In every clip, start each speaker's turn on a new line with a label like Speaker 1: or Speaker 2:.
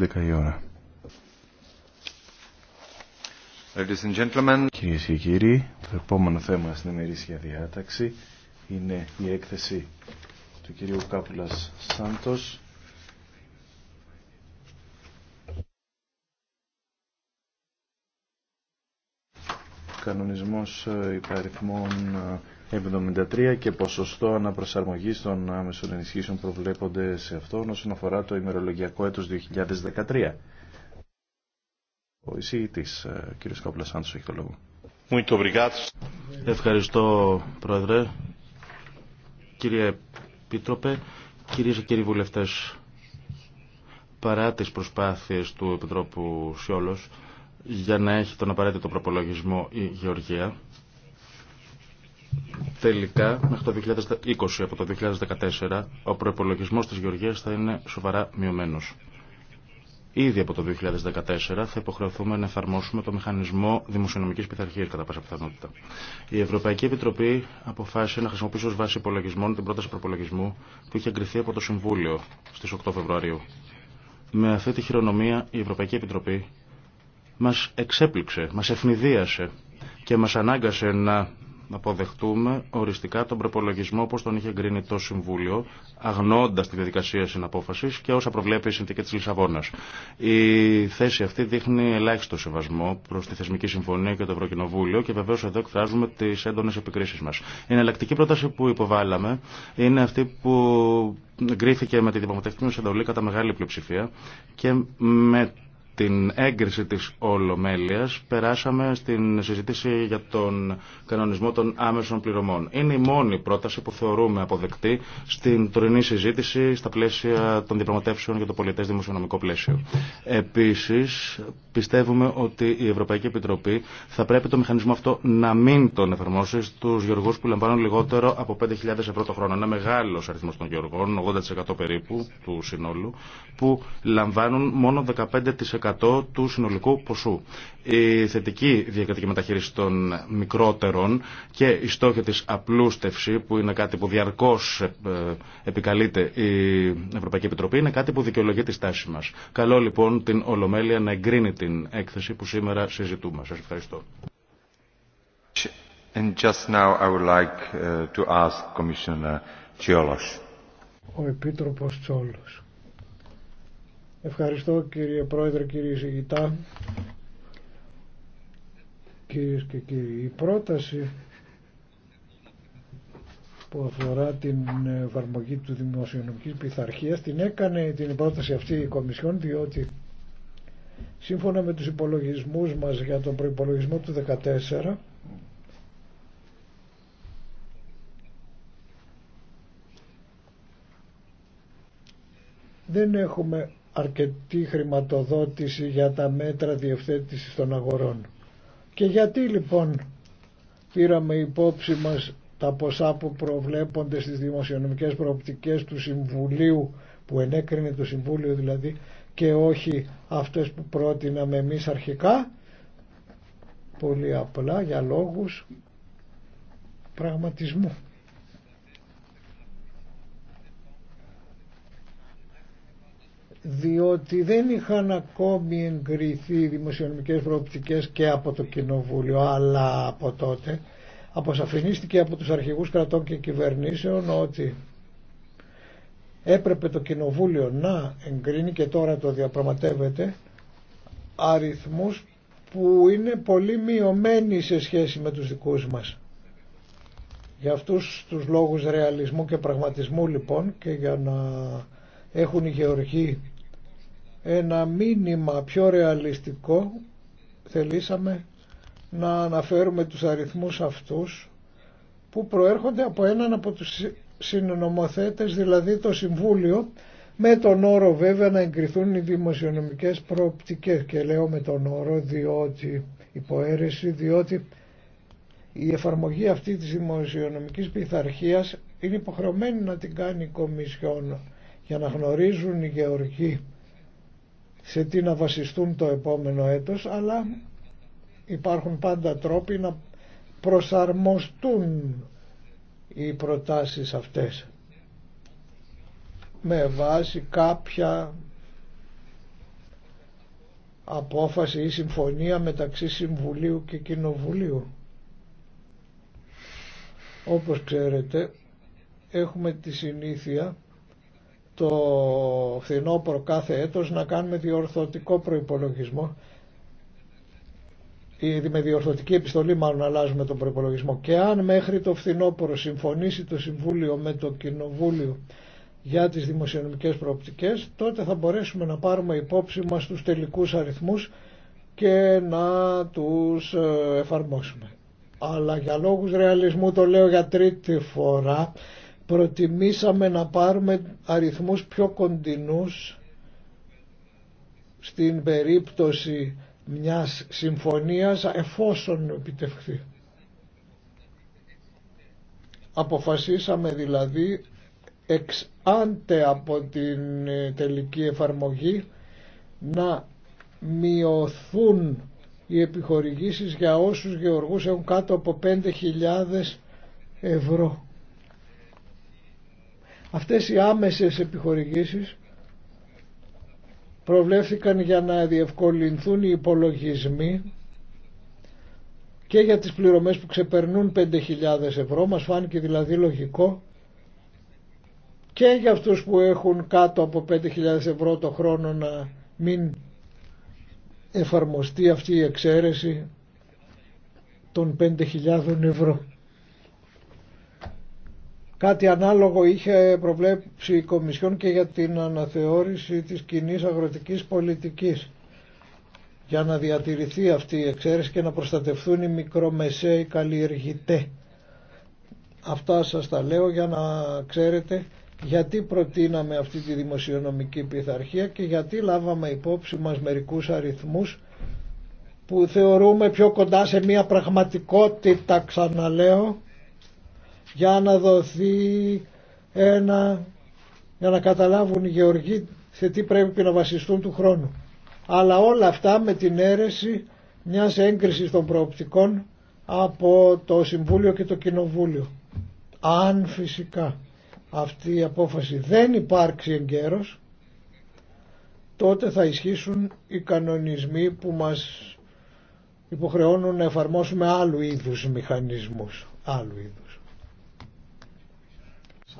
Speaker 1: 11 η ώρα. Κυρίες και κύριοι, το επόμενο θέμα στην ημερήσια διάταξη είναι η έκθεση του κυρίου Κάπουλας Σάντος. Κανονισμός ε, υπαριθμών ε, 73 και ποσοστό αναπροσαρμογής των άμεσων ενισχύσεων προβλέπονται σε αυτόν όσον αφορά το ημερολογιακό έτος 2013. Ο εισηγητής, ε, κ. αν έχει το λόγο. Ευχαριστώ, Πρόεδρε. Κύριε
Speaker 2: πίτροπε, κυρίες και κύριοι βουλευτές, παρά τις προσπάθειες του Επιτρόπου Σιόλος για να έχει τον απαραίτητο προπολογισμό η Γεωργία, τελικά μέχρι το 2020 από το 2014 ο προπολογισμό της Γεωργίας θα είναι σοβαρά μειωμένος. Ήδη από το 2014 θα υποχρεωθούμε να εφαρμόσουμε το μηχανισμό δημοσιονομικής πειθαρχίας κατά πάσα πιθανότητα. Η Ευρωπαϊκή Επιτροπή αποφάσισε να χρησιμοποιήσει ως βάση υπολογισμών την πρόταση προπολογισμού που είχε εγκριθεί από το Συμβούλιο στις 8 Φεβρουαρίου. Με αυτή τη χειρονομία η Ευρωπαϊκή Επιτροπή μας εξέπληξε, μας ευνηδίασε και μας ανάγκασε να να αποδεχτούμε οριστικά τον προπολογισμό όπω τον είχε εγκρίνει το Συμβούλιο, αγνώντα τη διαδικασία συναπόφαση και όσα προβλέπει η συνθήκη τη Λισαβόνα. Η θέση αυτή δείχνει ελάχιστο σεβασμό προ τη Θεσμική Συμφωνία και το Ευρωκοινοβούλιο και βεβαίω εδώ εκφράζουμε τι έντονες επικρίσεις μα. Η εναλλακτική πρόταση που υποβάλαμε είναι αυτή που εγκρίθηκε με τη διαπραγματευτική εντολή κατά μεγάλη πλειοψηφία και με την έγκριση της Ολομέλειας περάσαμε στην συζήτηση για τον κανονισμό των άμεσων πληρωμών. Είναι η μόνη πρόταση που θεωρούμε αποδεκτή στην τωρινή συζήτηση στα πλαίσια των διαπραγματεύσεων για το πολιτές δημοσιονομικό πλαίσιο. Επίσης, πιστεύουμε ότι η Ευρωπαϊκή Επιτροπή θα πρέπει το μηχανισμό αυτό να μην τον εφαρμόσει στους γεωργούς που λαμβάνουν λιγότερο από 5.000 ευρώ το χρόνο. Ένα μεγάλος αριθμός των γεωργών, 80% περίπου του συνόλου, που λαμβάνουν μόνο 15% του συνολικού ποσού. Η θετική διακριτική μεταχείριση των μικρότερων και η στόχη της απλούστευση που είναι κάτι που διαρκώς ε, επικαλείται η Ευρωπαϊκή Επιτροπή είναι κάτι που δικαιολογεί τη στάση μας. Καλό λοιπόν την Ολομέλεια να εγκρίνει την έκθεση που σήμερα συζητούμε. Σας ευχαριστώ.
Speaker 3: Ο Επίτροπος Τσόλος. Ευχαριστώ κύριε Πρόεδρε, κύριε Ζηγητά. κύριε και κύριοι, η πρόταση που αφορά την εφαρμογή του δημοσιονομικής πειθαρχία την έκανε την πρόταση αυτή η Κομισιόν διότι σύμφωνα με τους υπολογισμούς μας για τον προϋπολογισμό του 2014 δεν έχουμε αρκετή χρηματοδότηση για τα μέτρα διευθέτησης των αγορών. Και γιατί λοιπόν πήραμε υπόψη μας τα ποσά που προβλέπονται στις δημοσιονομικές προοπτικές του Συμβουλίου που ενέκρινε το Συμβούλιο δηλαδή και όχι αυτές που πρότειναμε εμείς αρχικά πολύ απλά για λόγους πραγματισμού. διότι δεν είχαν ακόμη εγκριθεί δημοσιονομικές προοπτικές και από το Κοινοβούλιο αλλά από τότε αποσαφηνίστηκε από τους αρχηγούς κρατών και κυβερνήσεων ότι έπρεπε το Κοινοβούλιο να εγκρίνει και τώρα το διαπραγματεύεται αριθμούς που είναι πολύ μειωμένοι σε σχέση με τους δικούς μας. Για αυτούς τους λόγους ρεαλισμού και πραγματισμού λοιπόν και για να έχουν οι ένα μήνυμα πιο ρεαλιστικό θελήσαμε να αναφέρουμε τους αριθμούς αυτούς που προέρχονται από έναν από τους συνομοθέτες, δηλαδή το Συμβούλιο, με τον όρο βέβαια να εγκριθούν οι δημοσιονομικές προοπτικές και λέω με τον όρο διότι υποαίρεση, διότι η εφαρμογή αυτή της δημοσιονομικής πειθαρχία είναι υποχρεωμένη να την κάνει η Κομισιόν για να γνωρίζουν οι γεωργοί σε τι να βασιστούν το επόμενο έτος, αλλά υπάρχουν πάντα τρόποι να προσαρμοστούν οι προτάσεις αυτές με βάση κάποια απόφαση ή συμφωνία μεταξύ Συμβουλίου και Κοινοβουλίου. Όπως ξέρετε έχουμε τη συνήθεια το φθινόπωρο κάθε έτος να κάνουμε διορθωτικό προϋπολογισμό ή με διορθωτική επιστολή μάλλον αλλάζουμε τον προϋπολογισμό και αν μέχρι το φθινόπωρο συμφωνήσει το Συμβούλιο με το Κοινοβούλιο για τις δημοσιονομικές προοπτικές τότε θα μπορέσουμε να πάρουμε υπόψη μας τους τελικούς αριθμούς και να τους ε, εφαρμόσουμε. Αλλά για λόγους ρεαλισμού το λέω για τρίτη φορά προτιμήσαμε να πάρουμε αριθμούς πιο κοντινούς στην περίπτωση μιας συμφωνίας εφόσον επιτευχθεί. Αποφασίσαμε δηλαδή εξ άντε από την ε, τελική εφαρμογή να μειωθούν οι επιχορηγήσεις για όσους γεωργούς έχουν κάτω από 5.000 ευρώ. Αυτές οι άμεσες επιχορηγήσεις προβλέφθηκαν για να διευκολυνθούν οι υπολογισμοί και για τις πληρωμές που ξεπερνούν 5.000 ευρώ, μας φάνηκε δηλαδή λογικό, και για αυτούς που έχουν κάτω από 5.000 ευρώ το χρόνο να μην εφαρμοστεί αυτή η εξαίρεση των 5.000 ευρώ. Κάτι ανάλογο είχε προβλέψει η Κομισιόν και για την αναθεώρηση της κοινή αγροτικής πολιτικής για να διατηρηθεί αυτή η εξαίρεση και να προστατευθούν οι μικρομεσαίοι καλλιεργητέ. Αυτά σας τα λέω για να ξέρετε γιατί προτείναμε αυτή τη δημοσιονομική πειθαρχία και γιατί λάβαμε υπόψη μας μερικούς αριθμούς που θεωρούμε πιο κοντά σε μια πραγματικότητα ξαναλέω για να δοθεί ένα, για να καταλάβουν οι γεωργοί σε τι πρέπει να βασιστούν του χρόνου. Αλλά όλα αυτά με την αίρεση μιας έγκρισης των προοπτικών από το Συμβούλιο και το Κοινοβούλιο. Αν φυσικά αυτή η απόφαση δεν υπάρξει καιρός τότε θα ισχύσουν οι κανονισμοί που μας υποχρεώνουν να εφαρμόσουμε άλλου είδους μηχανισμούς, άλλου είδους.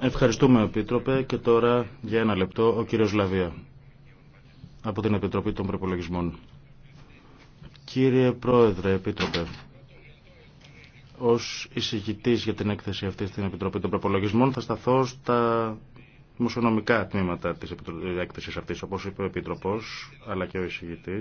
Speaker 2: Ευχαριστούμε, Επίτροπε. Και τώρα, για ένα λεπτό, ο κύριος Λαβία, από την Επιτροπή των Προπολογισμών. Κύριε Πρόεδρε, Επίτροπε, ως εισηγητής για την έκθεση αυτή στην Επιτροπή των Προπολογισμών θα σταθώ στα δημοσιονομικά τμήματα τη έκθεση αυτή, όπω είπε ο επίτροπο, αλλά και ο εισηγητή.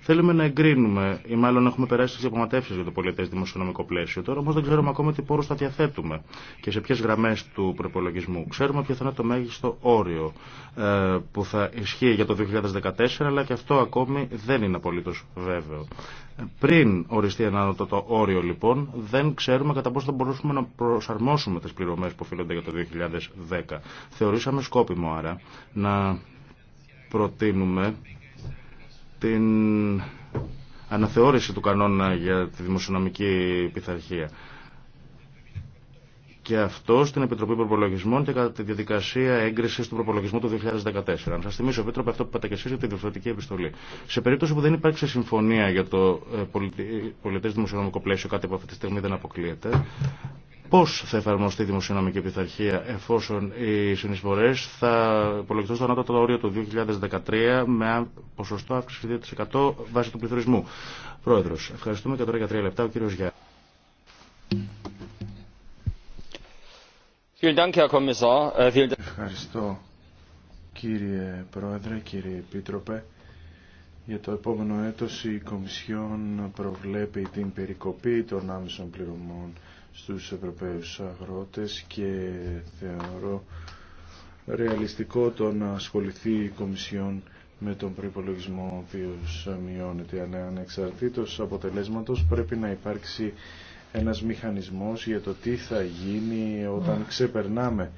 Speaker 2: Θέλουμε να εγκρίνουμε, ή μάλλον έχουμε περάσει τις διαπραγματεύσει για το πολιτέ δημοσιονομικό πλαίσιο. Τώρα όμω δεν ξέρουμε ακόμα τι πόρους θα διαθέτουμε και σε ποιε γραμμέ του προπολογισμού. Ξέρουμε ποιο θα είναι το μέγιστο όριο ε, που θα ισχύει για το 2014, αλλά και αυτό ακόμη δεν είναι απολύτω βέβαιο. Πριν οριστεί ένα το όριο λοιπόν, δεν ξέρουμε κατά πόσο θα μπορούσαμε να προσαρμόσουμε τι πληρωμέ που οφείλονται για το 2010. Είμαστε σκόπιμο άρα να προτείνουμε την αναθεώρηση του κανόνα για τη δημοσιονομική πειθαρχία. Και αυτό στην Επιτροπή Προπολογισμών και κατά τη διαδικασία έγκριση του προπολογισμού του 2014. Να σα θυμίσω, Επίτροπε, αυτό που είπατε και εσεί για τη διορθωτική επιστολή. Σε περίπτωση που δεν υπάρξει συμφωνία για το ε, πολιτέ δημοσιονομικό πλαίσιο, κάτι που αυτή τη στιγμή δεν αποκλείεται, Πώς θα εφαρμοστεί η δημοσιονομική πειθαρχία εφόσον οι συνεισφορές θα υπολογιστούν στο ανώτατο όριο του 2013 με ποσοστό αύξηση 2% βάσει του πληθωρισμού. Πρόεδρος, ευχαριστούμε και τώρα για τρία λεπτά ο κύριος Γιάννη.
Speaker 4: Äh,
Speaker 1: Ευχαριστώ κύριε Πρόεδρε, κύριε Επίτροπε. Για το επόμενο έτος η Κομισιόν προβλέπει την περικοπή των άμεσων πληρωμών στους Ευρωπαίους αγρότες και θεωρώ ρεαλιστικό το να ασχοληθεί η Κομισιόν με τον προϋπολογισμό ο οποίος μειώνεται, αλλά ανεξαρτήτως αποτελέσματος πρέπει να υπάρξει ένας μηχανισμός για το τι θα γίνει όταν ξεπερνάμε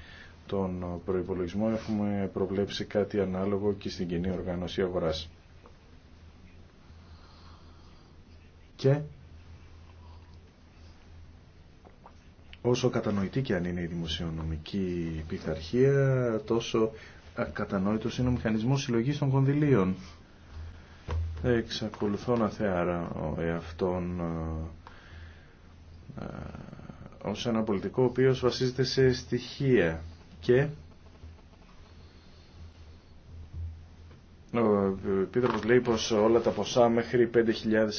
Speaker 1: τον προϋπολογισμό. Έχουμε προβλέψει κάτι ανάλογο και στην κοινή οργάνωση αγοράς. Και Όσο κατανοητή και αν είναι η δημοσιονομική πειθαρχία, τόσο ε, κατανόητος είναι ο μηχανισμός συλλογής των κονδυλίων. Εξακολουθώ να θεάρα εαυτόν ε, ε, ως ένα πολιτικό ο οποίος βασίζεται σε στοιχεία και Ο Επίτροπος λέει πως όλα τα ποσά μέχρι 5.000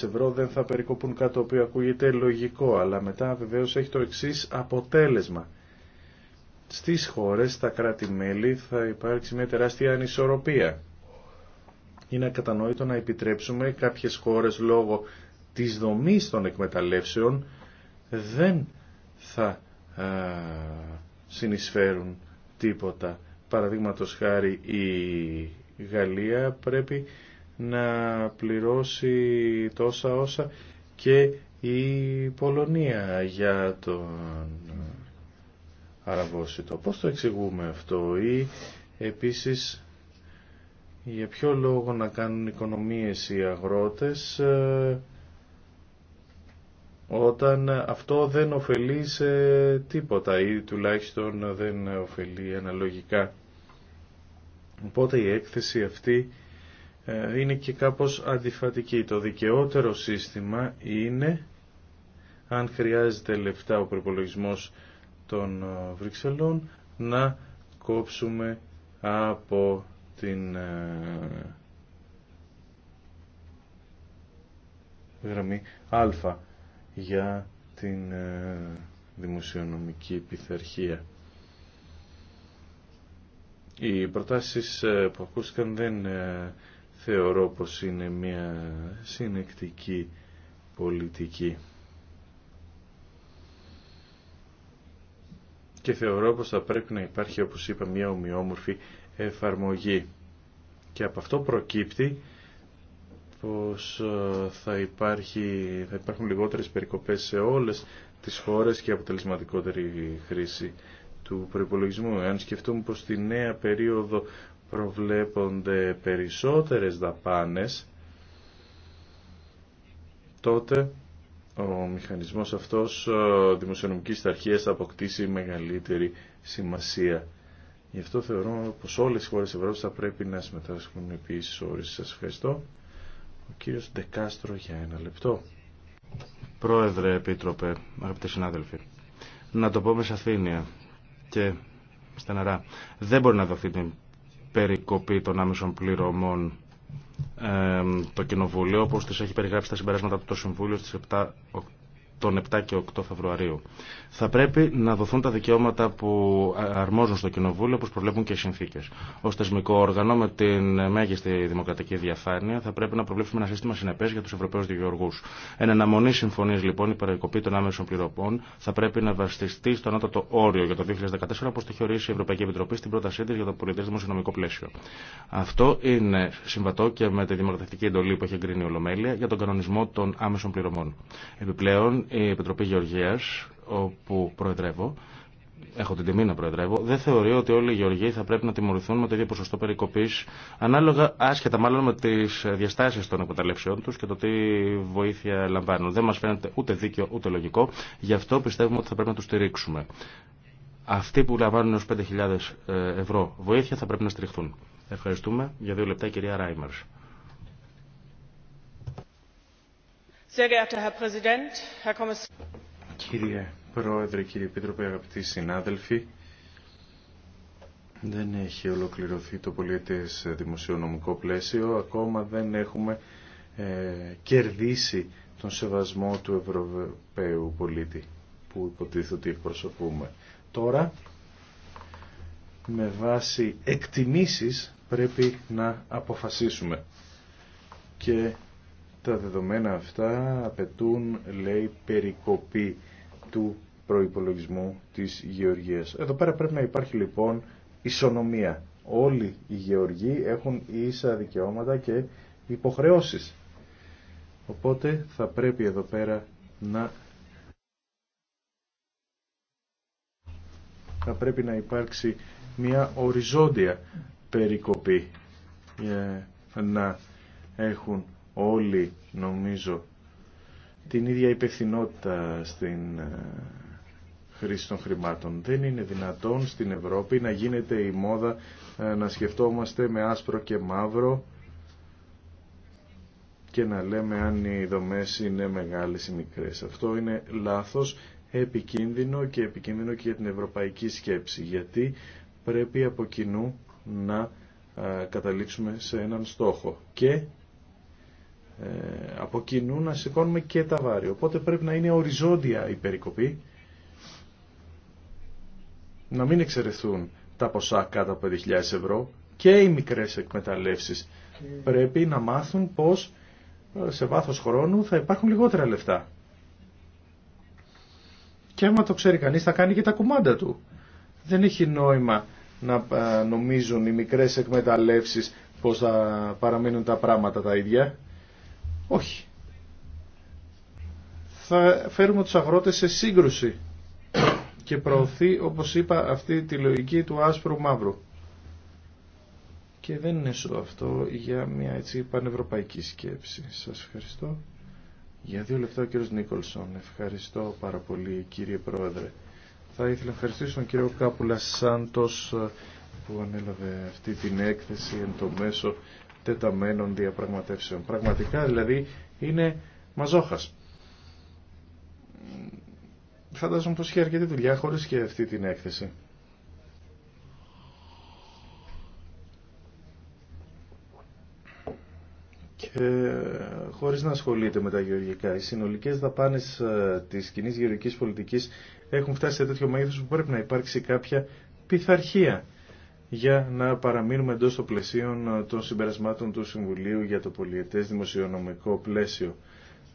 Speaker 1: ευρώ δεν θα περικοπούν κάτι το οποίο ακούγεται λογικό, αλλά μετά βεβαίως έχει το εξής αποτέλεσμα. Στις χώρες, στα κράτη-μέλη θα υπάρξει μια τεράστια ανισορροπία. Είναι ακατανόητο να επιτρέψουμε κάποιες χώρες λόγω της δομής των εκμεταλλεύσεων δεν θα α, συνεισφέρουν τίποτα. Παραδείγματος χάρη η Γαλλία πρέπει να πληρώσει τόσα όσα και η Πολωνία για τον Αραβόσιτο. Πώς το εξηγούμε αυτό ή επίσης για ποιο λόγο να κάνουν οικονομίες οι αγρότες ε, όταν αυτό δεν ωφελεί σε τίποτα ή τουλάχιστον δεν ωφελεί αναλογικά Οπότε η έκθεση αυτή ε, είναι και κάπως αντιφατική. Το δικαιότερο σύστημα είναι, αν χρειάζεται λεφτά ο προπολογισμό των ε, Βρυξελών, να κόψουμε από την ε, γραμμή Α για την δημοσιονομική πειθαρχία. Οι προτάσεις ε, που ακούστηκαν δεν ε, θεωρώ πως είναι μια συνεκτική πολιτική. Και θεωρώ πως θα πρέπει να υπάρχει, όπως είπα, μια ομοιόμορφη εφαρμογή. Και από αυτό προκύπτει πως ε, θα, υπάρχει, θα υπάρχουν λιγότερες περικοπές σε όλες τις χώρες και αποτελεσματικότερη χρήση του προϋπολογισμού. Αν σκεφτούμε πως στη νέα περίοδο προβλέπονται περισσότερες δαπάνες, τότε ο μηχανισμός αυτός δημοσιονομικής ταρχίας θα αποκτήσει μεγαλύτερη σημασία. Γι' αυτό θεωρώ πως όλες οι χώρες Ευρώπης θα πρέπει να συμμετάσχουν επίσης όρες. Σας ευχαριστώ. Ο κύριος Ντεκάστρο για ένα λεπτό.
Speaker 2: Πρόεδρε, Επίτροπε, αγαπητοί συνάδελφοι, να το πω με σαφήνεια και στεναρά. Δεν μπορεί να δοθεί την περικοπή των άμεσων πληρωμών ε, το Κοινοβούλιο, όπως τις έχει περιγράψει τα συμπεράσματα από το Συμβούλιο στις 7 τον 7 και 8 Φεβρουαρίου. Θα πρέπει να δοθούν τα δικαιώματα που αρμόζουν στο Κοινοβούλιο, όπω προβλέπουν και οι συνθήκε. Ω θεσμικό όργανο, με την μέγιστη δημοκρατική διαφάνεια, θα πρέπει να προβλέψουμε ένα σύστημα συνεπέ για του Ευρωπαίου δικαιοργού. Εν αναμονή συμφωνία, λοιπόν, η παρακοπή των άμεσων πληρωμών θα πρέπει να βασιστεί στο ανώτατο όριο για το 2014, όπω το έχει ορίσει η Ευρωπαϊκή Επιτροπή στην πρότασή τη για το πολιτέ δημοσιονομικό πλαίσιο. Αυτό είναι συμβατό και με τη δημοκρατική εντολή που έχει εγκρίνει η Ολομέλεια για τον κανονισμό των άμεσων πληρωμών. Επιπλέον, η Επιτροπή Γεωργίας, όπου προεδρεύω, έχω την τιμή να προεδρεύω, δεν θεωρεί ότι όλοι οι γεωργοί θα πρέπει να τιμωρηθούν με το ίδιο ποσοστό περικοπή, ανάλογα, άσχετα μάλλον με τι διαστάσει των εκμεταλλεύσεων του και το τι βοήθεια λαμβάνουν. Δεν μα φαίνεται ούτε δίκαιο ούτε λογικό, γι' αυτό πιστεύουμε ότι θα πρέπει να του στηρίξουμε. Αυτοί που λαμβάνουν έω 5.000 ε, ευρώ βοήθεια θα πρέπει να στηριχθούν. Ευχαριστούμε. Για δύο λεπτά κυρία Ράιμερς.
Speaker 1: Κύριε Πρόεδρε, κύριε Επίτροπε, αγαπητοί συνάδελφοι, δεν έχει ολοκληρωθεί το πολιετές δημοσιονομικό πλαίσιο, ακόμα δεν έχουμε ε, κερδίσει τον σεβασμό του Ευρωπαίου πολίτη που υποτίθεται ότι εκπροσωπούμε. Τώρα, με βάση εκτιμήσεις πρέπει να αποφασίσουμε και τα δεδομένα αυτά απαιτούν, λέει, περικοπή του προϋπολογισμού της γεωργίας. Εδώ πέρα πρέπει να υπάρχει λοιπόν ισονομία. Όλοι οι γεωργοί έχουν ίσα δικαιώματα και υποχρεώσεις. Οπότε θα πρέπει εδώ πέρα να θα πρέπει να υπάρξει μια οριζόντια περικοπή για ε, να έχουν όλοι νομίζω την ίδια υπευθυνότητα στην ε, χρήση των χρημάτων. Δεν είναι δυνατόν στην Ευρώπη να γίνεται η μόδα ε, να σκεφτόμαστε με άσπρο και μαύρο και να λέμε αν οι δομές είναι μεγάλες ή μικρές. Αυτό είναι λάθος, επικίνδυνο και επικίνδυνο και για την ευρωπαϊκή σκέψη, γιατί πρέπει από κοινού να ε, καταλήξουμε σε έναν στόχο. Και ε, από κοινού να σηκώνουμε και τα βάρη. Οπότε πρέπει να είναι οριζόντια η περικοπή, να μην εξαιρεθούν τα ποσά κάτω από 5.000 ευρώ και οι μικρές εκμεταλλεύσεις. Πρέπει να μάθουν πως ε, σε βάθος χρόνου θα υπάρχουν λιγότερα λεφτά. Και άμα το ξέρει κανείς θα κάνει και τα κουμάντα του. Δεν έχει νόημα να ε, νομίζουν οι μικρές εκμεταλλεύσεις πως θα παραμείνουν τα πράγματα τα ίδια. Όχι. Θα φέρουμε τους αγρότες σε σύγκρουση και προωθεί, όπως είπα, αυτή τη λογική του άσπρου μαύρου. Και δεν είναι σωστό αυτό για μια έτσι πανευρωπαϊκή σκέψη. Σας ευχαριστώ. Για δύο λεπτά ο κύριος Νίκολσον. Ευχαριστώ πάρα πολύ κύριε Πρόεδρε. Θα ήθελα να ευχαριστήσω τον κύριο Κάπουλα Σάντος ε, που ανέλαβε αυτή την έκθεση εν το μέσο τεταμένων διαπραγματεύσεων. Πραγματικά δηλαδή είναι μαζόχας. Φαντάζομαι πως είχε αρκετή δουλειά χωρίς και αυτή την έκθεση. και χωρίς να ασχολείται με τα γεωργικά. Οι συνολικές δαπάνες ε, της κοινή γεωργικής πολιτικής έχουν φτάσει σε τέτοιο μέγεθος που πρέπει να υπάρξει κάποια πειθαρχία για να παραμείνουμε εντός των πλαισίων ε, των συμπερασμάτων του Συμβουλίου για το πολιετές δημοσιονομικό πλαίσιο.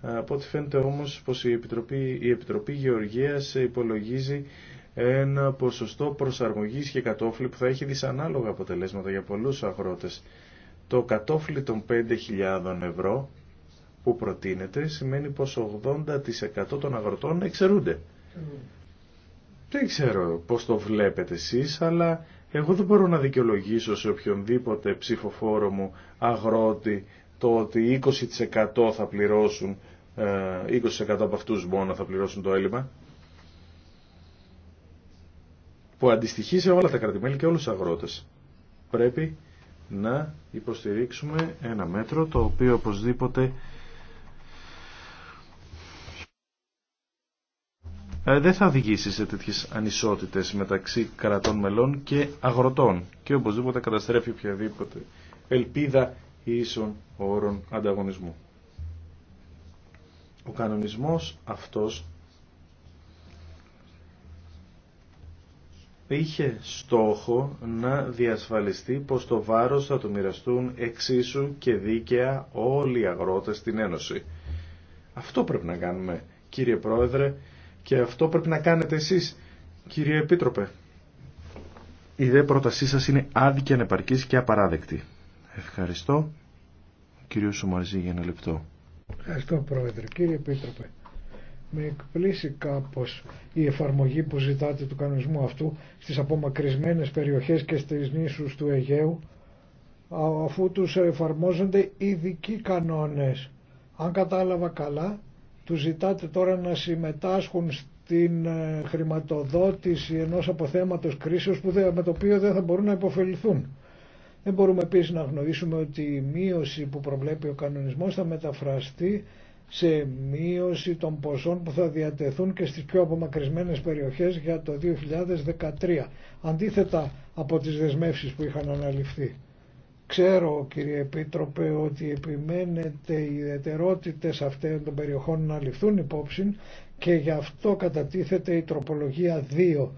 Speaker 1: Ε, από ό,τι φαίνεται όμως πως η Επιτροπή, η Επιτροπή Γεωργίας υπολογίζει ένα ποσοστό προσαρμογής και κατόφλι που θα έχει δυσανάλογα αποτελέσματα για πολλούς αγρότες. Το κατόφλι των 5.000 ευρώ που προτείνεται σημαίνει πως 80% των αγροτών εξαιρούνται. Mm. Δεν ξέρω πώς το βλέπετε εσείς, αλλά εγώ δεν μπορώ να δικαιολογήσω σε οποιονδήποτε ψηφοφόρο μου αγρότη το ότι 20% θα πληρώσουν, 20% ε, από αυτούς μόνο θα πληρώσουν το έλλειμμα που αντιστοιχεί σε όλα τα κρατημέλη και όλους τους αγρότες. Πρέπει να υποστηρίξουμε ένα μέτρο το οποίο οπωσδήποτε Ε, δεν θα οδηγήσει σε τέτοιες ανισότητες μεταξύ κρατών μελών και αγροτών και οπωσδήποτε καταστρέφει οποιαδήποτε ελπίδα ίσων όρων ανταγωνισμού. Ο κανονισμός αυτός είχε στόχο να διασφαλιστεί πως το βάρος θα το μοιραστούν εξίσου και δίκαια όλοι οι αγρότες στην Ένωση. Αυτό πρέπει να κάνουμε κύριε Πρόεδρε και αυτό πρέπει να κάνετε εσείς, κύριε Επίτροπε. Η δε πρότασή σας είναι άδικη, ανεπαρκής και απαράδεκτη. Ευχαριστώ. Κύριο Σομαρζή για ένα λεπτό.
Speaker 3: Ευχαριστώ Πρόεδρε. Κύριε Επίτροπε, με εκπλήσει κάπως η εφαρμογή που ζητάτε του κανονισμού αυτού στις απομακρυσμένες περιοχές και στις νήσους του Αιγαίου αφού τους εφαρμόζονται ειδικοί κανόνες. Αν κατάλαβα καλά, του ζητάτε τώρα να συμμετάσχουν στην ε, χρηματοδότηση ενός αποθέματος κρίσεως που με το οποίο δεν θα μπορούν να υποφεληθούν. Δεν μπορούμε επίσης να γνωρίσουμε ότι η μείωση που προβλέπει ο κανονισμός θα μεταφραστεί σε μείωση των ποσών που θα διατεθούν και στις πιο απομακρυσμένες περιοχές για το 2013, αντίθετα από τις δεσμεύσεις που είχαν αναλυφθεί. Ξέρω κύριε Επίτροπε ότι επιμένετε οι ιδιαιτερότητες αυτών των περιοχών να ληφθούν υπόψη και γι' αυτό κατατίθεται η τροπολογία 2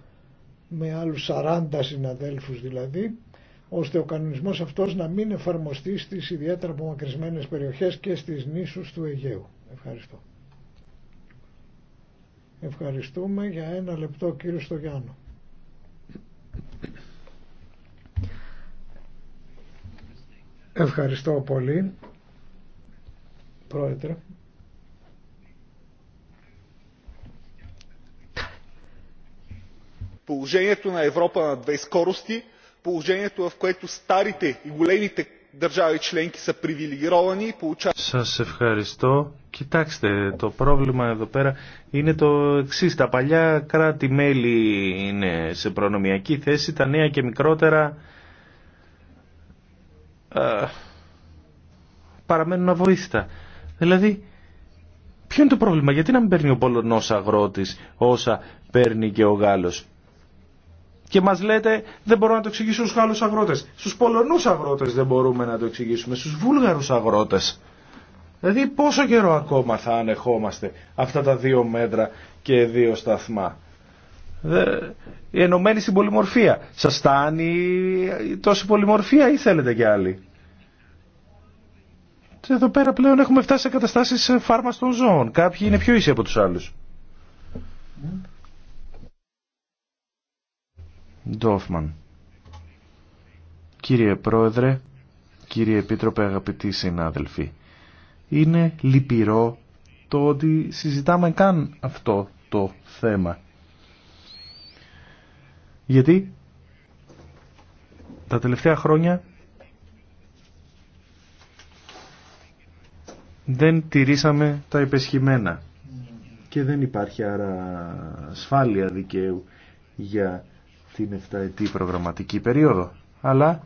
Speaker 3: με άλλους 40 συναδέλφους δηλαδή ώστε ο κανονισμός αυτός να μην εφαρμοστεί στις ιδιαίτερα απομακρυσμένες περιοχές και στις νήσους του Αιγαίου. Ευχαριστώ. Ευχαριστούμε για ένα λεπτό κύριο Στογιάννο. Ευχαριστώ πολύ, Πρόεδρε. Положението на Европа на
Speaker 1: Σας ευχαριστώ. Κοιτάξτε, το πρόβλημα εδώ πέρα είναι το εξής. Τα παλιά κράτη-μέλη είναι σε προνομιακή θέση, τα νέα και μικρότερα παραμένουν αβοήθητα. Δηλαδή, ποιο είναι το πρόβλημα, γιατί να μην παίρνει ο Πολωνός αγρότης όσα παίρνει και ο Γάλλος. Και μας λέτε δεν μπορώ να το εξηγήσω στους Γάλλους αγρότες. Στους Πολωνούς αγρότες δεν μπορούμε να το εξηγήσουμε, στους Βούλγαρους αγρότες. Δηλαδή πόσο καιρό ακόμα θα ανεχόμαστε αυτά τα δύο μέτρα και δύο σταθμά. Η ενωμένη στην πολυμορφία. Σας στάνει τόση πολυμορφία ή θέλετε κι άλλοι. Εδώ πέρα πλέον έχουμε φτάσει σε καταστάσεις ε, φάρμας των ζώων. Κάποιοι είναι πιο ίσοι από του άλλου. Ντόφμαν. Κύριε Πρόεδρε, κύριε Επίτροπε, αγαπητοί συνάδελφοι. Είναι λυπηρό το ότι συζητάμε καν αυτό το θέμα. Γιατί τα τελευταία χρόνια δεν τηρήσαμε τα επεσχημένα και δεν υπάρχει άρα ασφάλεια δικαίου για την 7 προγραμματική περίοδο. Αλλά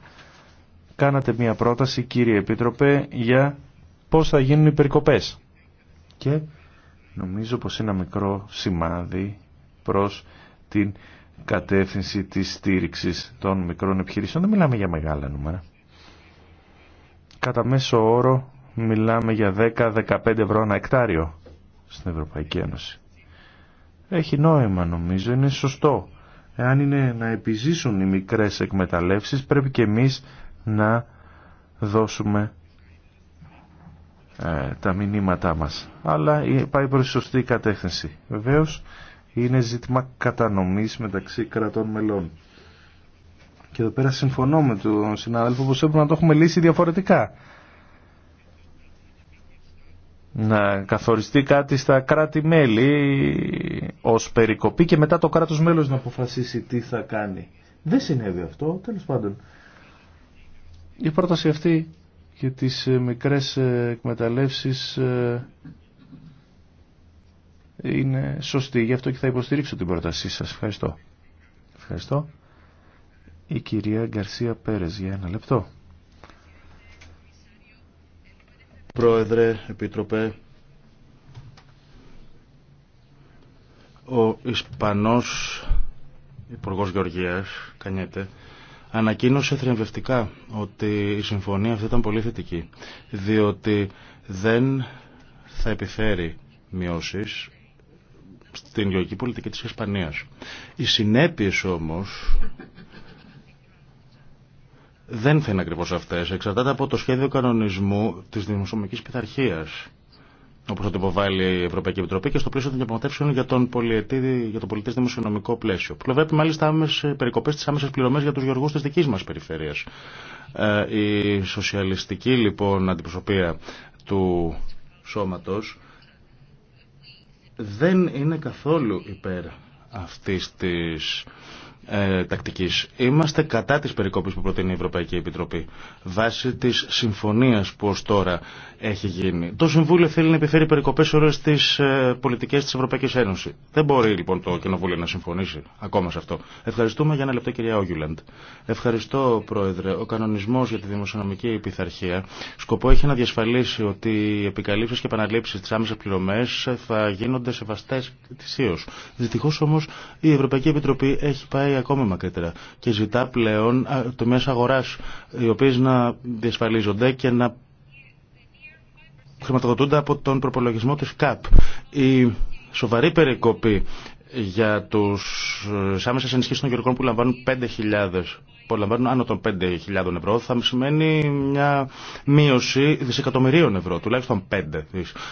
Speaker 1: κάνατε μια πρόταση κύριε Επίτροπε για πώς θα γίνουν οι περικοπές. Και νομίζω πως είναι ένα μικρό σημάδι προς την κατεύθυνση της στήριξης των μικρών επιχειρήσεων. Δεν μιλάμε για μεγάλα νούμερα. Κατά μέσο όρο μιλάμε για 10-15 ευρώ ένα εκτάριο στην Ευρωπαϊκή Ένωση. Έχει νόημα νομίζω, είναι σωστό. Εάν είναι να επιζήσουν οι μικρές εκμεταλλεύσεις πρέπει και εμείς να δώσουμε ε, τα μηνύματά μας. Αλλά πάει προς σωστή κατεύθυνση. Βεβαίως είναι ζήτημα κατανομής μεταξύ κρατών μελών. Και εδώ πέρα συμφωνώ με τον συνάδελφο πως έπρεπε να το έχουμε λύσει διαφορετικά να καθοριστεί κάτι στα κράτη-μέλη ως περικοπή και μετά το κράτος μέλος να αποφασίσει τι θα κάνει. Δεν συνέβη αυτό, τέλος πάντων. Η πρόταση αυτή για τις ε, μικρές ε, εκμεταλλεύσεις ε, είναι σωστή. Γι' αυτό και θα υποστηρίξω την πρότασή σας. Ευχαριστώ. Ευχαριστώ. Η κυρία Γκαρσία Πέρες για ένα λεπτό.
Speaker 2: Πρόεδρε, Επίτροπε, ο Ισπανός Υπουργό Γεωργίας, Κανιέτε, ανακοίνωσε θριαμβευτικά ότι η συμφωνία αυτή ήταν πολύ θετική, διότι δεν θα επιφέρει μειώσεις στην γεωργική πολιτική της Ισπανίας. Οι συνέπειες όμως δεν θα είναι ακριβώ αυτέ. Εξαρτάται από το σχέδιο κανονισμού τη δημοσιονομική πειθαρχία. Όπω το υποβάλλει η Ευρωπαϊκή Επιτροπή και στο πλαίσιο των διαπραγματεύσεων για, για το πολιτή δημοσιονομικό πλαίσιο. Προβλέπει μάλιστα άμεση περικοπέ στι άμεσε πληρωμέ για του γεωργού τη δική μα περιφέρεια. Ε, η σοσιαλιστική λοιπόν αντιπροσωπεία του σώματο δεν είναι καθόλου υπέρ αυτή τη ε, Είμαστε κατά τη περικόπη που προτείνει η Ευρωπαϊκή Επιτροπή βάσει τη συμφωνία που ω τώρα έχει γίνει. Το Συμβούλιο θέλει να επιφέρει περικοπές σε στις τι ε, πολιτικές της Ευρωπαϊκής Ένωση. Δεν μπορεί λοιπόν το Κοινοβούλιο να συμφωνήσει ακόμα σε αυτό. Ευχαριστούμε για ένα λεπτό κυρία Όγιουλαντ. Ευχαριστώ Πρόεδρε. Ο κανονισμό για τη δημοσιονομική επιθαρχία σκοπό έχει να διασφαλίσει ότι οι επικαλύψει και επαναλήψει τη άμεση πληρωμέ θα γίνονται σεβαστέ Δυστυχώ όμω η Ευρωπαϊκή Επιτροπή έχει πάει ακόμα μακρύτερα και ζητά πλέον μέσο αγοράς οι οποίες να διασφαλίζονται και να χρηματοδοτούνται από τον προπολογισμό της ΚΑΠ. Η σοβαρή περικοπή για τους ε, άμεσες ενισχύσεις των γεωργών που λαμβάνουν 5.000 που λαμβάνουν άνω των 5.000 ευρώ θα σημαίνει μια μείωση δισεκατομμυρίων ευρώ, τουλάχιστον 5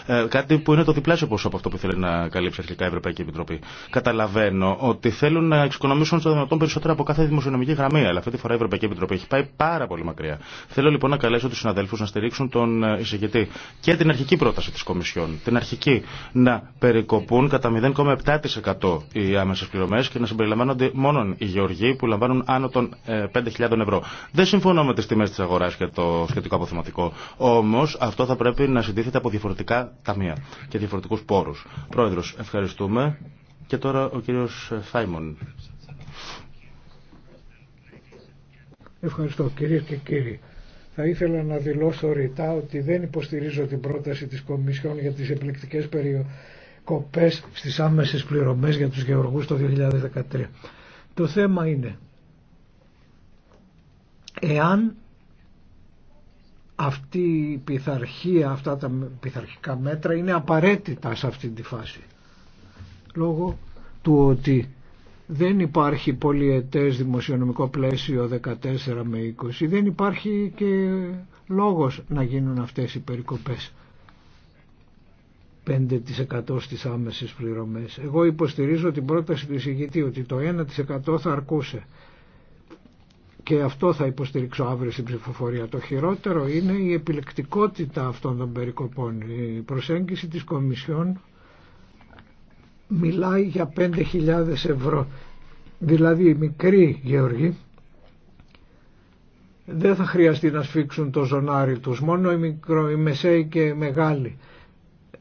Speaker 2: Ε, κάτι που είναι το διπλάσιο ποσό από αυτό που θέλει να καλύψει αρχικά η Ευρωπαϊκή Επιτροπή. Καταλαβαίνω ότι θέλουν να εξοικονομήσουν στο δυνατόν περισσότερα από κάθε δημοσιονομική γραμμή, αλλά αυτή τη φορά η Ευρωπαϊκή Επιτροπή έχει πάει πάρα πολύ μακριά. Θέλω λοιπόν να καλέσω του συναδέλφου να στηρίξουν τον ε, εισηγητή και την αρχική πρόταση τη Κομισιόν. Την αρχική να περικοπούν κατά 0,7% οι άμεσε πληρωμέ και να συμπεριλαμβάνονται μόνο οι γεωργοί που λαμβάνουν άνω των ε, 5.000 ευρώ. Δεν συμφωνώ με τι τιμέ τη αγορά και το σχετικό αποθεματικό. Όμω αυτό θα πρέπει να συντίθεται από διαφορετικά ταμεία και διαφορετικού πόρου. Πρόεδρο, ευχαριστούμε. Και τώρα ο κύριο Σάιμον.
Speaker 3: Ευχαριστώ κύριε και κύριοι. Θα ήθελα να δηλώσω ρητά ότι δεν υποστηρίζω την πρόταση της Κομισιόν για τις επιλεκτικές περιοκοπέ στις άμεσες πληρωμές για τους γεωργούς το 2013. Το θέμα είναι εάν αυτή η πειθαρχία, αυτά τα πειθαρχικά μέτρα είναι απαραίτητα σε αυτή τη φάση. Λόγω του ότι δεν υπάρχει πολυετές δημοσιονομικό πλαίσιο 14 με 20, δεν υπάρχει και λόγος να γίνουν αυτές οι περικοπές. 5% στις άμεσες πληρωμές. Εγώ υποστηρίζω την πρόταση του εισηγητή ότι το 1% θα αρκούσε και αυτό θα υποστηρίξω αύριο στην ψηφοφορία. Το χειρότερο είναι η επιλεκτικότητα αυτών των περικοπών. Η προσέγγιση της Κομισιόν μιλάει για 5.000 ευρώ. Δηλαδή οι μικροί γεωργοί δεν θα χρειαστεί να σφίξουν το ζωνάρι τους, μόνο οι, μικρο, οι μεσαίοι και οι μεγάλοι.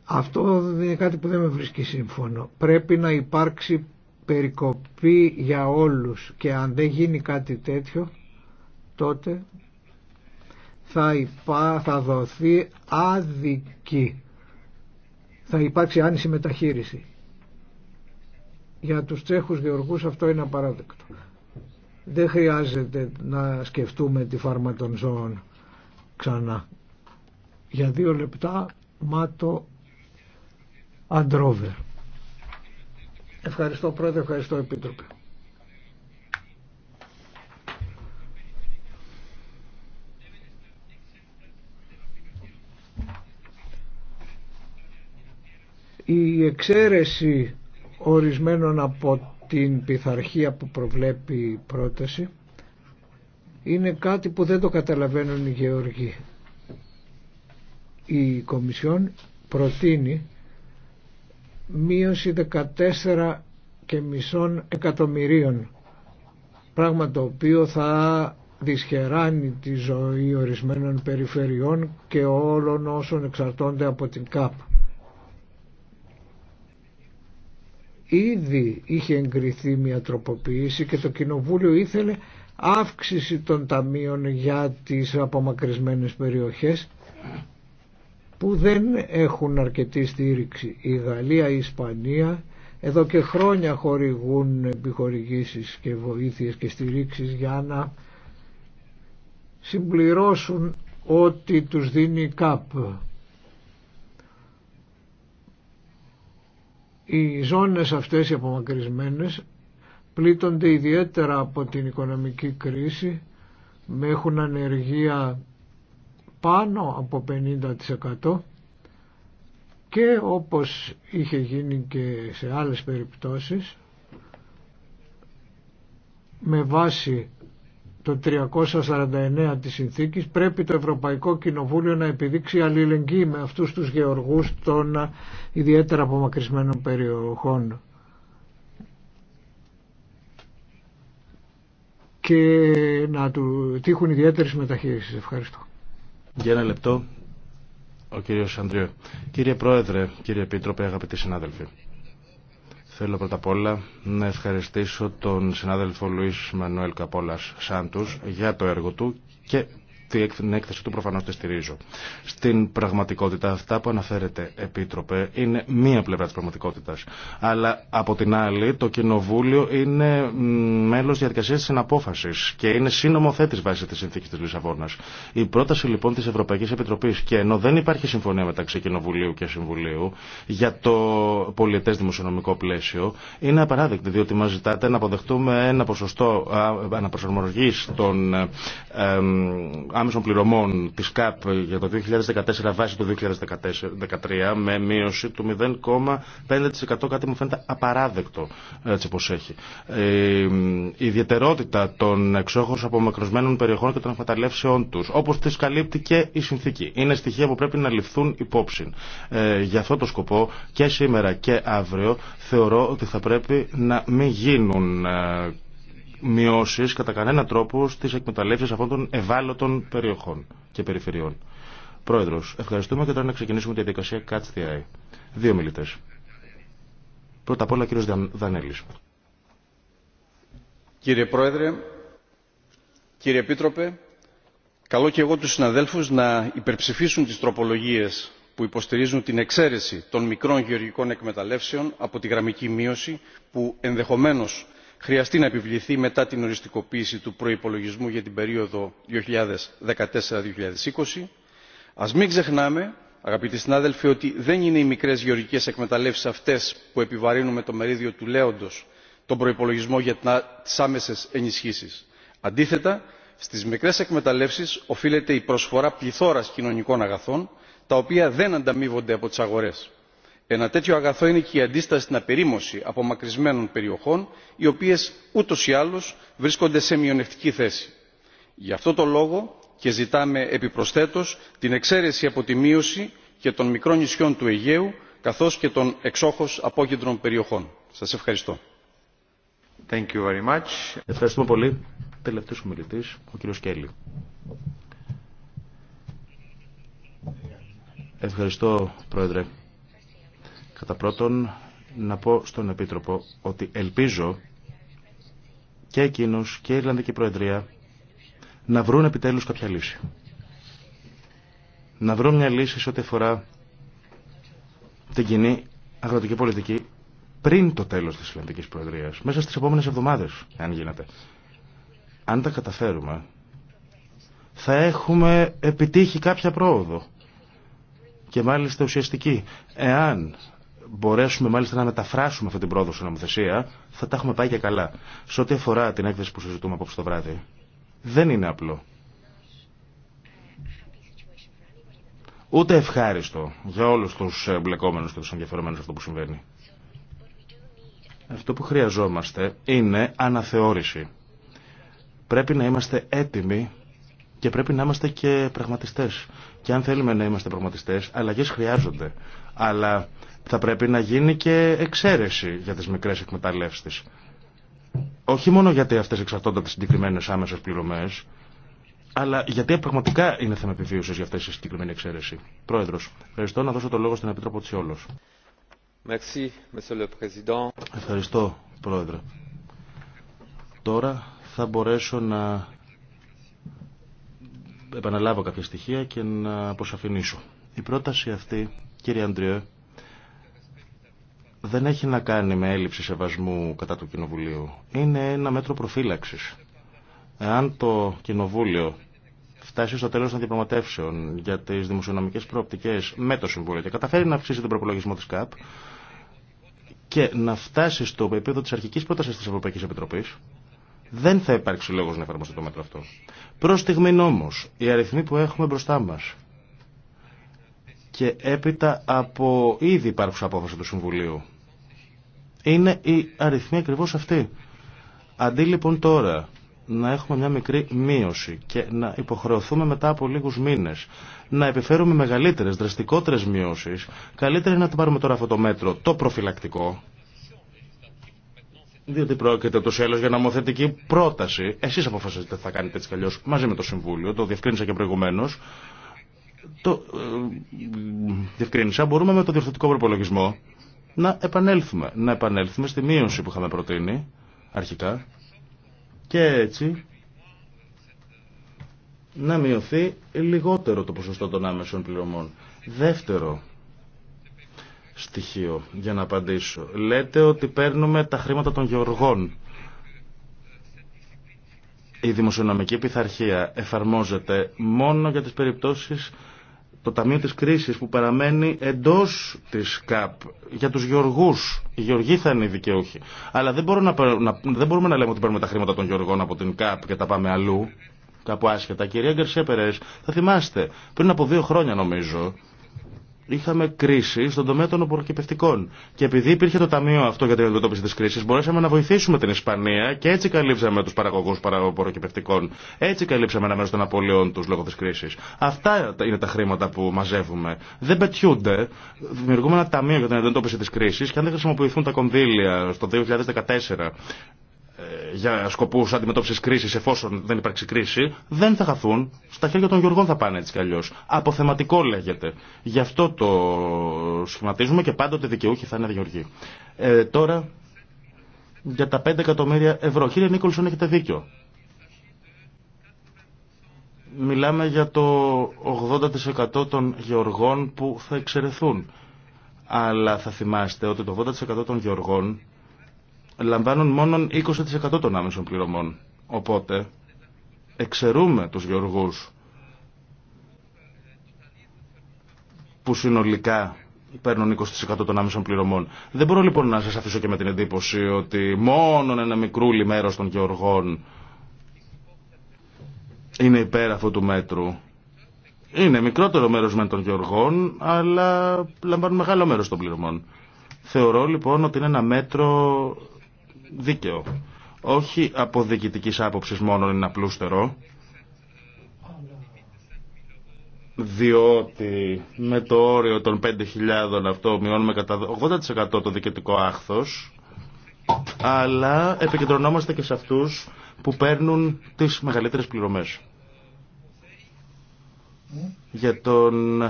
Speaker 3: Αυτό είναι κάτι που δεν με βρίσκει σύμφωνο. Πρέπει να υπάρξει περικοπή για όλους και αν δεν γίνει κάτι τέτοιο τότε θα, υπά, θα δοθεί άδικη θα υπάρξει άνηση μεταχείριση για τους Τσέχους γεωργούς αυτό είναι απαράδεκτο δεν χρειάζεται να σκεφτούμε τη φάρμα των ζώων ξανά για δύο λεπτά μάτο αντρόβερ Ευχαριστώ Πρόεδρε, ευχαριστώ Επίτροπε. Η εξαίρεση ορισμένων από την πειθαρχία που προβλέπει η πρόταση είναι κάτι που δεν το καταλαβαίνουν οι γεωργοί. Η Κομισιόν προτείνει μείωση 14 και μισών εκατομμυρίων πράγμα το οποίο θα δυσχεράνει τη ζωή ορισμένων περιφερειών και όλων όσων εξαρτώνται από την ΚΑΠ. Ήδη είχε εγκριθεί μια τροποποίηση και το Κοινοβούλιο ήθελε αύξηση των ταμείων για τις απομακρυσμένες περιοχές που δεν έχουν αρκετή στήριξη. Η Γαλλία, η Ισπανία εδώ και χρόνια χορηγούν επιχορηγήσεις και βοήθειες και στηρίξεις για να συμπληρώσουν ό,τι τους δίνει η ΚΑΠ. Οι ζώνες αυτές οι απομακρυσμένες πλήττονται ιδιαίτερα από την οικονομική κρίση με έχουν ανεργία πάνω από 50% και όπως είχε γίνει και σε άλλες περιπτώσεις με βάση το 349 της συνθήκης πρέπει το Ευρωπαϊκό Κοινοβούλιο να επιδείξει αλληλεγγύη με αυτούς τους γεωργούς των ιδιαίτερα απομακρυσμένων περιοχών. και να του τύχουν ιδιαίτερες μεταχείρισης. Ευχαριστώ.
Speaker 2: Για ένα λεπτό, ο κύριος Ανδριού. Κύριε Πρόεδρε, κύριε Επίτροπε, αγαπητοί συνάδελφοι. Θέλω πρώτα απ' όλα να ευχαριστήσω τον συνάδελφο Λουίς Μανουέλ Καπόλας Σάντους για το έργο του και την έκθεση του προφανώς τη στηρίζω. Στην πραγματικότητα αυτά που αναφέρεται επίτροπε είναι μία πλευρά της πραγματικότητας. Αλλά από την άλλη το Κοινοβούλιο είναι μέλος διαδικασίας της συναπόφασης και είναι σύνομο θέτης βάσει της συνθήκης της Λισαβόνας. Η πρόταση λοιπόν της Ευρωπαϊκής Επιτροπής και ενώ δεν υπάρχει συμφωνία μεταξύ Κοινοβουλίου και Συμβουλίου για το πολιτές δημοσιονομικό πλαίσιο είναι απαράδεκτη διότι μας ζητάτε να αποδεχτούμε ένα ποσοστό αναπροσαρμογής των ε, άμεσων πληρωμών της ΚΑΠ για το 2014 βάσει το 2013 με μείωση του 0,5% κάτι μου φαίνεται απαράδεκτο έτσι όπως έχει. Ε, η ιδιαιτερότητα των εξόχως απομακρυσμένων περιοχών και των εκμεταλλεύσεών τους όπως τις καλύπτει και η συνθήκη. Είναι στοιχεία που πρέπει να ληφθούν υπόψη. Ε, για αυτό το σκοπό και σήμερα και αύριο θεωρώ ότι θα πρέπει να μην γίνουν ε, μειώσεις κατά κανένα τρόπο στις εκμεταλλεύσεις αυτών των ευάλωτων περιοχών και περιφερειών. Πρόεδρος, ευχαριστούμε και τώρα να ξεκινήσουμε τη διαδικασία Catch the Eye. Δύο μιλητές. Πρώτα απ' όλα κύριος Δανέλης.
Speaker 4: Κύριε Πρόεδρε, κύριε Επίτροπε, καλώ και εγώ τους συναδέλφους να υπερψηφίσουν τις τροπολογίες που υποστηρίζουν την εξαίρεση των μικρών γεωργικών εκμεταλλεύσεων από τη γραμμική μείωση που ενδεχομένως χρειαστεί να επιβληθεί μετά την οριστικοποίηση του προϋπολογισμού για την περίοδο 2014-2020. Ας μην ξεχνάμε, αγαπητοί συνάδελφοι, ότι δεν είναι οι μικρές γεωργικές εκμεταλλεύσεις αυτές που επιβαρύνουν με το μερίδιο του λέοντος τον προϋπολογισμό για τις άμεσες ενισχύσεις. Αντίθετα, στις μικρές εκμεταλλεύσεις οφείλεται η προσφορά πληθώρας κοινωνικών αγαθών, τα οποία δεν ανταμείβονται από τις αγορές ένα τέτοιο αγαθό είναι και η αντίσταση στην απερίμωση απομακρυσμένων περιοχών οι οποίες ούτως ή άλλως βρίσκονται σε μειονεκτική θέση. γι' αυτό το λόγο και ζητάμε επιπροσθέτως την εξαίρεση από τη μείωση και των μικρών νησιών του αιγαίου καθώς και των εξόχως απόκεντρων περιοχών. σας ευχαριστώ.
Speaker 2: Ευχαριστώ, Πρόεδρε. Κατά πρώτον, να πω στον Επίτροπο ότι ελπίζω και εκείνος και η Ιρλανδική Προεδρία να βρουν επιτέλους κάποια λύση. Να βρουν μια λύση σε ό,τι αφορά την κοινή αγροτική πολιτική πριν το τέλος της Ιρλανδικής Προεδρίας, μέσα στις επόμενες εβδομάδες, αν γίνεται. Αν τα καταφέρουμε, θα έχουμε επιτύχει κάποια πρόοδο και μάλιστα ουσιαστική. Εάν μπορέσουμε μάλιστα να μεταφράσουμε αυτή την πρόοδο στην νομοθεσία, θα τα έχουμε πάει και καλά. Σε ό,τι αφορά την έκθεση που συζητούμε απόψε το βράδυ, δεν είναι απλό. Ούτε ευχάριστο για όλους τους μπλεκόμενους και τους ενδιαφερομένους αυτό που συμβαίνει. Αυτό που χρειαζόμαστε είναι αναθεώρηση. Πρέπει να είμαστε έτοιμοι και πρέπει να είμαστε και πραγματιστέ. Και αν θέλουμε να είμαστε πραγματιστέ, αλλαγέ χρειάζονται. Αλλά θα πρέπει να γίνει και εξαίρεση για τι μικρέ εκμεταλλεύσει. Όχι μόνο γιατί αυτέ εξαρτώνται από τι συγκεκριμένε άμεσε πληρωμέ, αλλά γιατί πραγματικά είναι θέμα επιβίωση για αυτέ τις συγκεκριμένη εξαίρεση. Πρόεδρο, ευχαριστώ να δώσω το λόγο στον Επίτροπο Τσιόλο. Ευχαριστώ, Πρόεδρε. Τώρα θα μπορέσω να επαναλάβω κάποια στοιχεία και να αποσαφηνίσω. Η πρόταση αυτή, κύριε Αντριέ, δεν έχει να κάνει με έλλειψη σεβασμού κατά του Κοινοβουλίου. Είναι ένα μέτρο προφύλαξης. Εάν το Κοινοβούλιο φτάσει στο τέλος των διαπραγματεύσεων για τις δημοσιονομικές προοπτικές με το Συμβούλιο και καταφέρει να αυξήσει τον προπολογισμό της ΚΑΠ και να φτάσει στο επίπεδο της αρχικής πρότασης της Ευρωπαϊκή Επιτροπής δεν θα υπάρξει λόγο να εφαρμοστεί το μέτρο αυτό. Προ στιγμήν όμω, οι αριθμοί που έχουμε μπροστά μα και έπειτα από ήδη υπάρχουσα απόφαση του Συμβουλίου είναι οι αριθμοί ακριβώ αυτοί. Αντί λοιπόν τώρα να έχουμε μια μικρή μείωση και να υποχρεωθούμε μετά από λίγους μήνες να επιφέρουμε μεγαλύτερε δραστικότερε μείωσει. καλύτερα είναι να το πάρουμε τώρα αυτό το μέτρο, το προφυλακτικό, διότι πρόκειται το ή για νομοθετική πρόταση. Εσεί αποφασίζετε τι θα κάνετε έτσι κι μαζί με το Συμβούλιο, το διευκρίνησα και προηγουμένω. Το ε, διευκρίνησα, μπορούμε με το διορθωτικό προπολογισμό να επανέλθουμε. Να επανέλθουμε στη μείωση που είχαμε προτείνει αρχικά και έτσι να μειωθεί λιγότερο το ποσοστό των άμεσων πληρωμών. Δεύτερο, στοιχείο για να απαντήσω. Λέτε ότι παίρνουμε τα χρήματα των γεωργών. Η δημοσιονομική πειθαρχία εφαρμόζεται μόνο για τις περιπτώσεις το Ταμείο της Κρίσης που παραμένει εντός της ΚΑΠ για τους γεωργούς. Οι γεωργοί θα είναι οι δικαιούχοι. Αλλά δεν, μπορούμε να, δεν να λέμε ότι παίρνουμε τα χρήματα των γεωργών από την ΚΑΠ και τα πάμε αλλού, κάπου άσχετα. Κυρία Γκερσέπερες, θα θυμάστε, πριν από δύο χρόνια νομίζω, είχαμε κρίση στον τομέα των οπορκυπευτικών. Και επειδή υπήρχε το ταμείο αυτό για την αντιμετώπιση τη κρίση, μπορέσαμε να βοηθήσουμε την Ισπανία και έτσι καλύψαμε του παραγωγού οπορκυπευτικών. Έτσι καλύψαμε ένα μέρο των απολειών του λόγω τη κρίση. Αυτά είναι τα χρήματα που μαζεύουμε. Δεν πετιούνται. Δημιουργούμε ένα ταμείο για την αντιμετώπιση τη κρίση και αν δεν χρησιμοποιηθούν τα κονδύλια στο 2014 ε, για σκοπού αντιμετώπιση κρίση, εφόσον δεν υπάρξει κρίση, δεν θα χαθούν. Στα χέρια των Γεωργών θα πάνε έτσι κι αλλιώ. Αποθεματικό λέγεται. Γι' αυτό το σχηματίζουμε και πάντοτε δικαιούχοι θα είναι Γεωργοί. Ε, τώρα, για τα 5 εκατομμύρια ευρώ. Κύριε Νίκολσον, έχετε δίκιο. Μιλάμε για το 80% των γεωργών που θα εξαιρεθούν. Αλλά θα θυμάστε ότι το 80% των γεωργών λαμβάνουν μόνο 20% των άμεσων πληρωμών. Οπότε, εξαιρούμε τους γεωργούς που συνολικά παίρνουν 20% των άμεσων πληρωμών. Δεν μπορώ λοιπόν να σας αφήσω και με την εντύπωση ότι μόνο ένα μικρούλι μέρος των γεωργών είναι υπέρ αυτού του μέτρου. Είναι μικρότερο μέρος με των γεωργών, αλλά λαμβάνουν μεγάλο μέρος των πληρωμών. Θεωρώ λοιπόν ότι είναι ένα μέτρο δίκαιο. Όχι από διοικητικής άποψης μόνο είναι απλούστερο, διότι με το όριο των 5.000 αυτό μειώνουμε κατά 80% το διοικητικό άχθος, αλλά επικεντρωνόμαστε και σε αυτούς που παίρνουν τις μεγαλύτερες πληρωμές. Για τον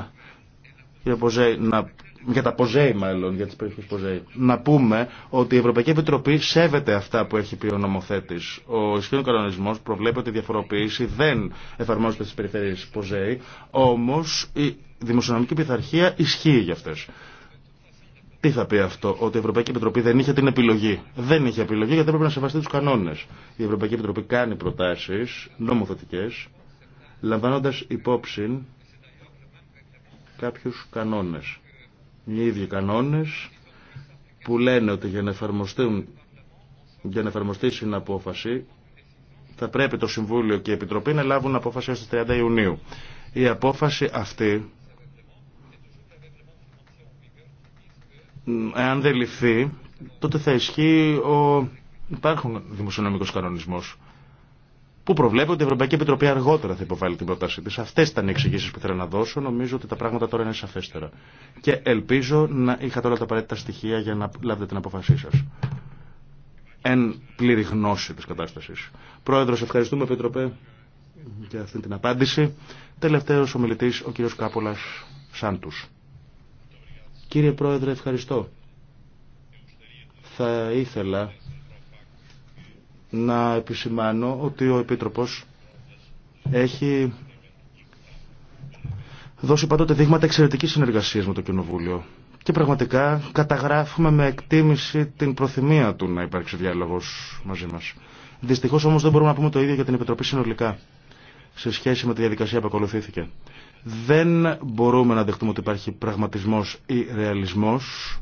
Speaker 2: κύριο Ποζέ να για τα ποζέι μάλλον, για τις περιοχές ποζέι, να πούμε ότι η Ευρωπαϊκή Επιτροπή σέβεται αυτά που έχει πει ο νομοθέτης. Ο ισχυρός κανονισμός προβλέπει ότι η διαφοροποίηση δεν εφαρμόζεται στις περιφέρειες ποζέι, όμως η δημοσιονομική πειθαρχία ισχύει για αυτές. Τι θα πει αυτό, ότι η Ευρωπαϊκή Επιτροπή δεν είχε την επιλογή. Δεν είχε επιλογή γιατί έπρεπε να σεβαστεί του κανόνε. Η Ευρωπαϊκή Επιτροπή κάνει προτάσει νομοθετικέ, λαμβάνοντα υπόψη κάποιου κανόνε οι ίδιοι κανόνες που λένε ότι για να, για εφαρμοστεί η συναπόφαση θα πρέπει το Συμβούλιο και η Επιτροπή να λάβουν απόφαση στις 30 Ιουνίου. Η απόφαση αυτή, εάν δεν ληφθεί, τότε θα ισχύει ο... Υπάρχουν δημοσιονομικός κανονισμός που προβλέπει ότι η Ευρωπαϊκή Επιτροπή αργότερα θα υποβάλει την πρότασή τη. Αυτέ ήταν οι εξηγήσει που ήθελα να δώσω. Νομίζω ότι τα πράγματα τώρα είναι σαφέστερα. Και ελπίζω να είχατε όλα τα απαραίτητα στοιχεία για να λάβετε την αποφασή σα. Εν πλήρη γνώση τη κατάσταση. Πρόεδρο, ευχαριστούμε, Επιτροπέ, για αυτή την απάντηση. Τελευταίο ομιλητή, ο κ. Κάπολα Σάντου. Κύριε Πρόεδρε, ευχαριστώ. Θα ήθελα να επισημάνω ότι ο Επίτροπος έχει δώσει πάντοτε δείγματα εξαιρετικής συνεργασίας με το Κοινοβούλιο. Και πραγματικά καταγράφουμε με εκτίμηση την προθυμία του να υπάρξει διάλογος μαζί μας. Δυστυχώς όμως δεν μπορούμε να πούμε το ίδιο για την Επιτροπή συνολικά σε σχέση με τη διαδικασία που ακολουθήθηκε. Δεν μπορούμε να δεχτούμε ότι υπάρχει πραγματισμός ή ρεαλισμός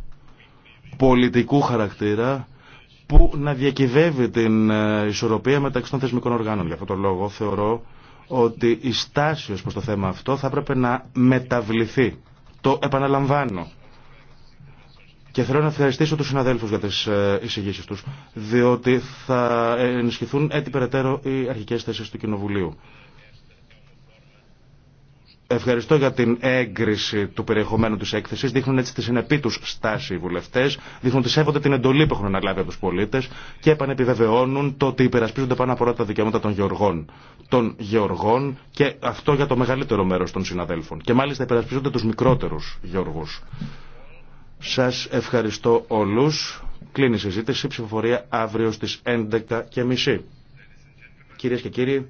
Speaker 2: πολιτικού χαρακτήρα που να διακυβεύει την ε, ισορροπία μεταξύ των θεσμικών οργάνων. Για αυτόν τον λόγο θεωρώ ότι η στάση ως προς το θέμα αυτό θα έπρεπε να μεταβληθεί. Το επαναλαμβάνω. Και θέλω να ευχαριστήσω τους συναδέλφους για τις ε, εισηγήσεις τους, διότι θα ενισχυθούν έτσι περαιτέρω οι αρχικές θέσεις του Κοινοβουλίου. Ευχαριστώ για την έγκριση του περιεχομένου τη έκθεση. Δείχνουν έτσι τη συνεπή του στάση οι βουλευτέ, δείχνουν ότι σέβονται την εντολή που έχουν αναλάβει από του πολίτε και επανεπιβεβαιώνουν το ότι υπερασπίζονται πάνω από όλα τα δικαιώματα των γεωργών. Των γεωργών και αυτό για το μεγαλύτερο μέρο των συναδέλφων. Και μάλιστα υπερασπίζονται του μικρότερου γεωργού. Σα ευχαριστώ όλου. Κλείνει η συζήτηση. Ψηφοφορία αύριο στι 11.30. Κυρίε και κύριοι,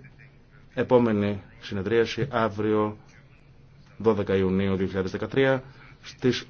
Speaker 2: επόμενη συνεδρίαση αύριο. 12 Ιουνίου 2013 στις